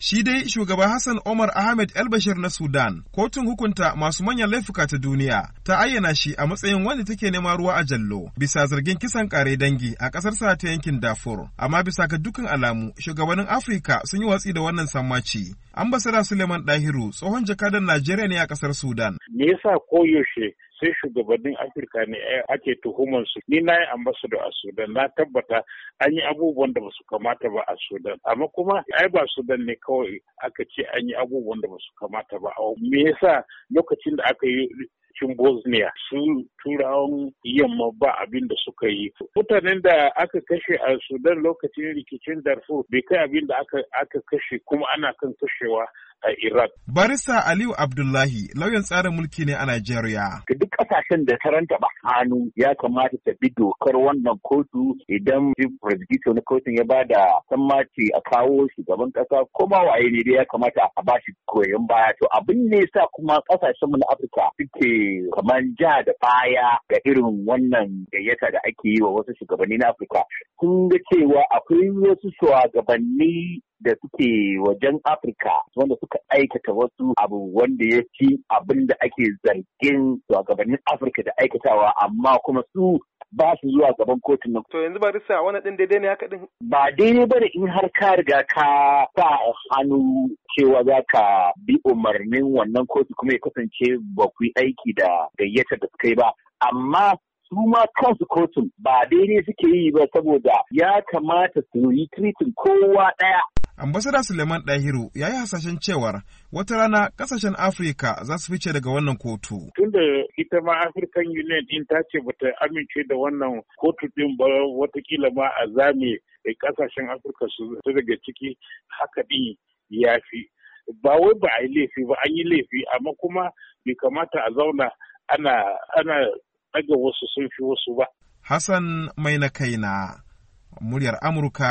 Shi dai shugaba Hassan Omar Ahmed El-Bashir na Sudan, kotun hukunta masu manyan laifuka ta duniya, ta ayyana shi a matsayin wanda take nema ruwa a jallo, bisa zargin kisan kare dangi a ƙasar sa ta yankin Darfur. Amma bisa ga dukkan alamu, shugabannin Afirka sun yi watsi da wannan sammaci. Ambasada Suleiman Dahiru, tsohon jakadan Najeriya ne a ƙasar Sudan. Me yasa koyaushe sai shugabannin afirka ne eh, ake tuhumar su ni na yi ambassador a sudan na tabbata an yi abubuwan da basu kamata ba a sudan amma kuma ai ba sudan ne kawai aka ce an yi abubuwan da basu kamata ba me yasa lokacin da aka yi yankin bosnia su turawan yamma ba abin da suka yi mutanen da aka kashe a sudan lokacin rikicin darfur bai kai abin da aka kashe kuma ana kan kashewa a Iraq. Barista Aliyu Abdullahi lauyan tsarin mulki ne a Najeriya. Duk kasashen da ta ba hannu ya kamata ta bi dokar wannan kotu idan presbito na kotun ya ba da sammaci a kawo shugaban kasa kuma waye ne dai ya kamata a bashi shi koyon baya to abin ne sa kuma mu na Afirka suke kamar ja da baya ga irin wannan gayyata da ake yi wa wasu shugabanni na Afirka sun ga cewa akwai wasu shugabanni da suke wajen Afirka wanda suka aikata wasu abu wanda ya ci abin da ake zargin shugabannin Afirka da aikatawa amma kuma su ba su zuwa gaban kotun nan. To yanzu a wani ɗin daidai ne haka ɗin? Ba daidai ba da in har ka riga ka sa hannu cewa za ka bi umarnin wannan kotu kuma ya kasance ba ku yi aiki da gayyatar da suka yi ba. Amma su ma kansu kotun ba daidai suke yi ba saboda ya kamata su yi tritin kowa ɗaya ambasada suleiman dahiru ya yi hasashen cewar wata rana kasashen afirka za su fice daga wannan kotu tunda ita ma african union din ta ce ba ta amince da wannan kotu din ba watakila ma a zame kasashen afirka su daga ciki haka din ya fi ba wai ba a yi laifi ba an yi laifi amma kuma bai kamata a zauna ana ana daga wasu sun fi wasu ba hassan mai na kaina muryar amurka